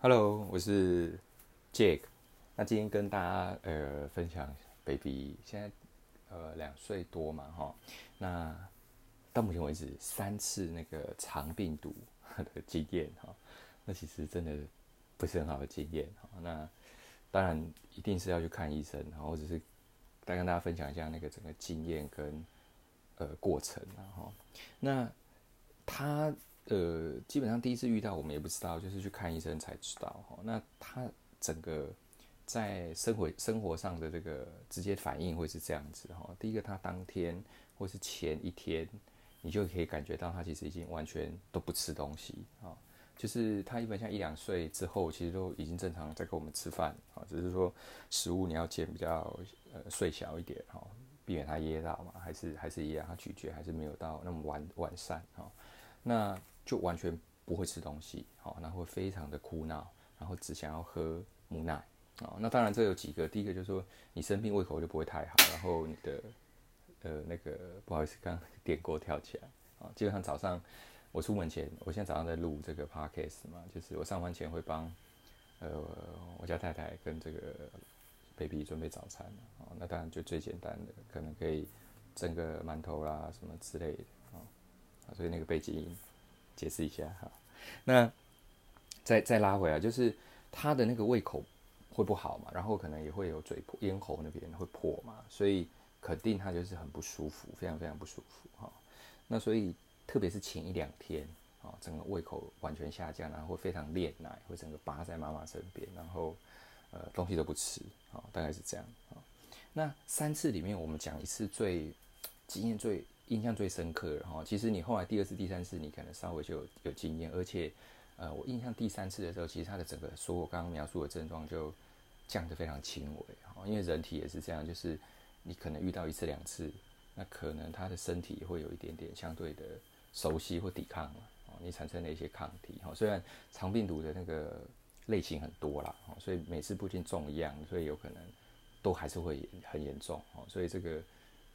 Hello，我是 Jake。那今天跟大家呃分享 Baby 現在呃兩歲多嘛哈，那到目前為止三次那個腸病毒的經驗哈，那其實真的不是很好的經驗哈。那當然一定是要去看醫生，然後只是再跟大家分享一下那個整個經驗跟呃過程然後那他。呃，基本上第一次遇到我們也不知道，就是去看醫生才知道、哦、那他整個在生活生活上的這個直接反應會是這樣子哈、哦。第一個，他當天或是前一天，你就可以感覺到他其實已經完全都不吃東西啊、哦。就是他一般像一兩歲之後，其實都已經正常在跟我們吃飯啊、哦，只是說食物你要剪比較呃碎小一點哈、哦，避免他噎到嘛。還是還是一樣，他咀嚼還是沒有到那麼完完善哈、哦。那就完全不會吃東西，好、哦，然後會非常的哭鬧，然後只想要喝母奶、哦、那當然，這有幾個，第一個就是說你生病胃口就不會太好，然後你的呃那個，不好意思，剛剛電鍋跳起來啊、哦。基本上早上我出門前，我現在早上在錄這個 podcast 嘛，就是我上班前會幫呃我家太太跟這個 baby 準備早餐、哦、那當然就最簡單的，可能可以蒸個饅頭啦什麼之類的、哦、所以那個背景音。解釋一下哈，那再再拉回來，就是他的那個胃口會不好嘛，然後可能也會有嘴破，咽喉那邊會破嘛，所以肯定他就是很不舒服，非常非常不舒服哈。那所以特別是前一兩天啊，整個胃口完全下降，然後會非常戀奶，會整個扒在媽媽身邊，然後呃東西都不吃啊，大概是這樣啊。那三次裡面，我們講一次最經驗最。印象最深刻，然後其實你後來第二次、第三次，你可能稍微就有，有經驗，而且，呃，我印象第三次的時候，其實他的整個說我剛剛描述的症狀就降得非常輕微，哦，因為人體也是這樣，就是你可能遇到一次兩次，那可能他的身體會有一點點相對的熟悉或抵抗了，哦，你產生了一些抗體，哦，雖然腸病毒的那個類型很多啦，哦，所以每次不僅中一樣，所以有可能都還是會很嚴重，哦，所以這個。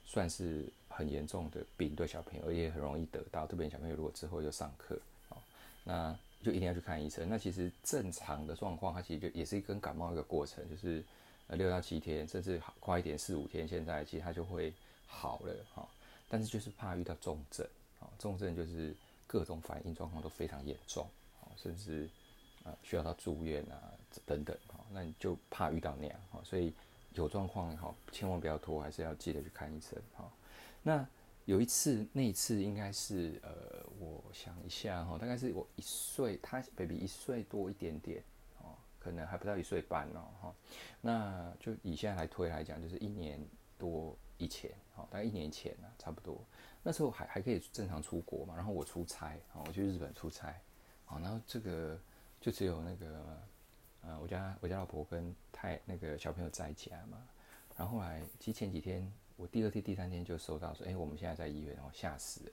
算是很嚴重的病，對小朋友，而且很容易得到。特別小朋友如果之後又上課，哦，那就一定要去看醫生。那其實正常的狀況，它其實就也是一跟感冒一個過程，就是呃六到七天，甚至快一點四五天，現在其實它就會好了，但是就是怕遇到重症，重症就是各種反應狀況都非常嚴重，甚至需要到住院啊等等，那你就怕遇到那樣，所以。有狀況哈，千萬不要拖，還是要記得去看醫生哈。那有一次，那一次應該是呃，我想一下哈，大概是我一歲，他 baby 一歲多一點點哦，可能還不到一歲半哦哈。那就以現在來推來講，就是一年多以前哈，大概一年前啊，差不多。那時候還還可以正常出國嘛，然後我出差啊，我去日本出差啊，然後這個就只有那個。呃，我家我家老婆跟太那個小朋友在一起了嘛，然後後來，其實前幾天我第二天、第三天就收到說，哎、欸，我們現在在醫院，然後嚇死了，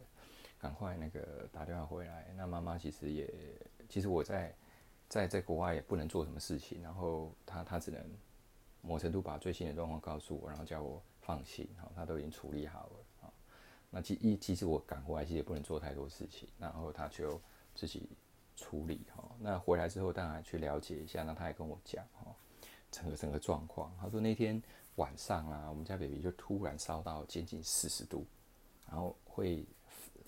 趕快那個打電話回來。那媽媽其實也，其實我在在在，在國外也不能做什麼事情，然後她她只能，某程度把最新的狀況告訴我，然後叫我放心，好，她都已經處理好了。那其一，其實我趕回來其實也不能做太多事情，然後她就自己。處理哈，那回來之後當然去了解一下，那他也跟我講哈，整個整個狀況，他說那天晚上啊，我們家 baby 就突然燒到接近四十度，然後會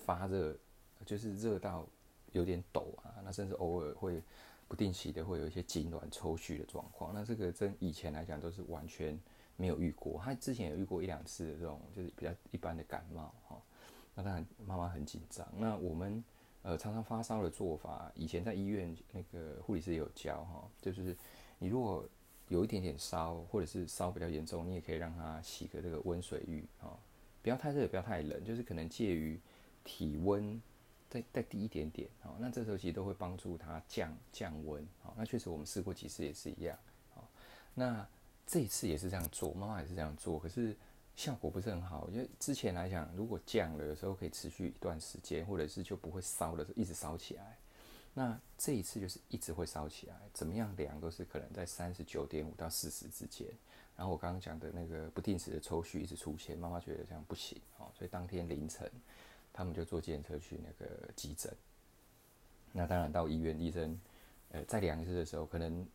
發熱，就是熱到有點抖啊，那甚至偶爾會不定期的會有一些痙攣抽搐的狀況，那這個真以前來講都是完全沒有遇過，他之前有遇過一兩次的這種就是比較一般的感冒哈，那當然媽媽很緊張，那我們。呃，常常發燒的做法，以前在醫院那個護理師也有教哈、哦，就是你如果有一點點燒，或者是燒比較嚴重，你也可以讓他洗個這個溫水浴哈、哦，不要太熱，也不要太冷，就是可能介於體溫再再低一點點哈、哦，那這時候其實都會幫助他降降溫哈、哦，那確實我們試過幾次也是一樣哈、哦，那這一次也是這樣做，媽媽也是這樣做，可是。效果不是很好，因為之前來講，如果降了，有時候可以持續一段時間，或者是就不會燒了，一直燒起來。那這一次就是一直會燒起來，怎麼樣量都是可能在三十九點五到四十之間。然後我剛剛講的那個不定時的抽搐一直出現，媽媽覺得這樣不行哦，所以當天凌晨他們就坐計程車去那個急診。那當然到醫院，醫生呃再量一次的時候，可能。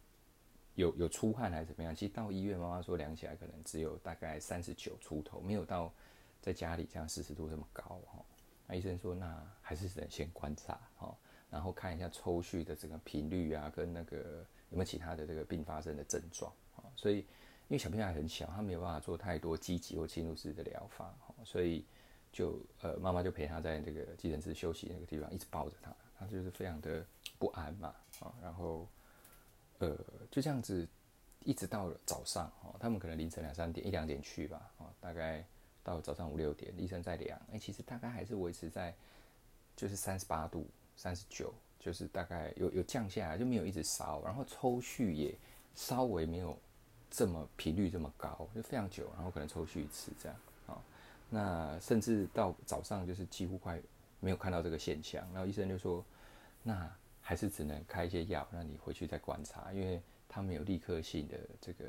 有有出汗還是怎麼樣？其實到醫院，媽媽說量起來可能只有大概三十九出頭，沒有到在家裡這樣四十度這麼高哈、喔。那醫生說，那還是只能先觀察哈、喔，然後看一下抽血的整個頻率啊，跟那個有沒有其他的這個併發症的症狀哈、喔。所以因為小朋友還很小，他沒有辦法做太多積極或侵入式的療法哈、喔，所以就呃媽媽就陪他在這個急診室休息那個地方一直抱着他，他就是非常的不安嘛啊、喔，然後。呃，就這樣子，一直到了早上哦，他們可能凌晨兩三點一兩點去吧，哦，大概到早上五六點，醫生再量，哎、欸，其實大概還是維持在就是三十八度、三十九，就是大概有有降下來，就沒有一直燒，然後抽血也稍微沒有這麼頻率這麼高，就非常久，然後可能抽血一次這樣啊、哦，那甚至到早上就是幾乎快沒有看到這個現象，然後醫生就說那。還是只能開一些藥，讓你回去再觀察，因為它沒有立刻性的這個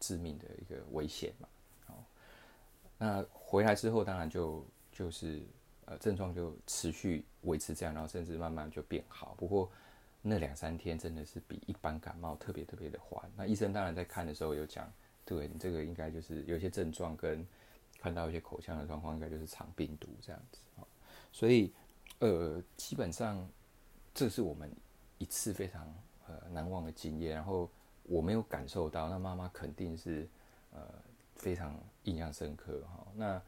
致命的一個危險嘛。哦，那回來之後，當然就就是呃症狀就持續維持這樣，然後甚至慢慢就變好。不過那兩三天真的是比一般感冒特別特別的緩。那醫生當然在看的時候有講，對你這個應該就是有一些症狀跟看到一些口腔的狀況，應該就是腸病毒這樣子。哦，所以呃基本上。這是我們一次非常呃難忘的經驗，然後我沒有感受到，那媽媽肯定是呃非常印象深刻哈。那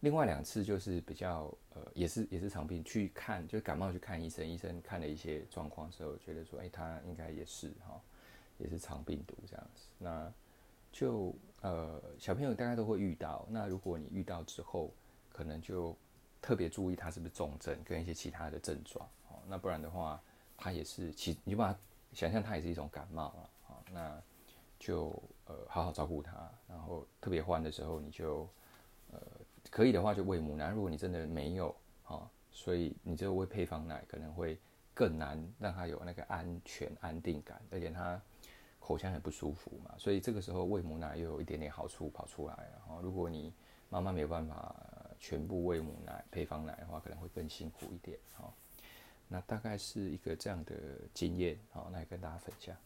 另外兩次就是比較呃也是也是腸病，去看，就是感冒去看醫生，醫生看了一些狀況之後，覺得說哎、欸、他應該也是哈，也是腸病毒這樣子。那就呃小朋友大概都會遇到，那如果你遇到之後，可能就。特別注意他是不是重症，跟一些其他的症狀哦，那不然的話，他也是其你就把它想象它也是一種感冒了啊、哦，那就呃好好照顧他，然後特別換的時候你就呃可以的話就餵母奶，如果你真的沒有啊、哦，所以你就餵配方奶可能會更難讓它有那個安全安定感，而且它口腔很不舒服嘛，所以這個時候餵母奶又有一點點好處跑出來，然後，哦，如果你媽媽沒有辦法。全部餵母奶，配方奶的話，可能會更辛苦一點。哦。那大概是一個這樣的經驗，好，哦，那來跟大家分享。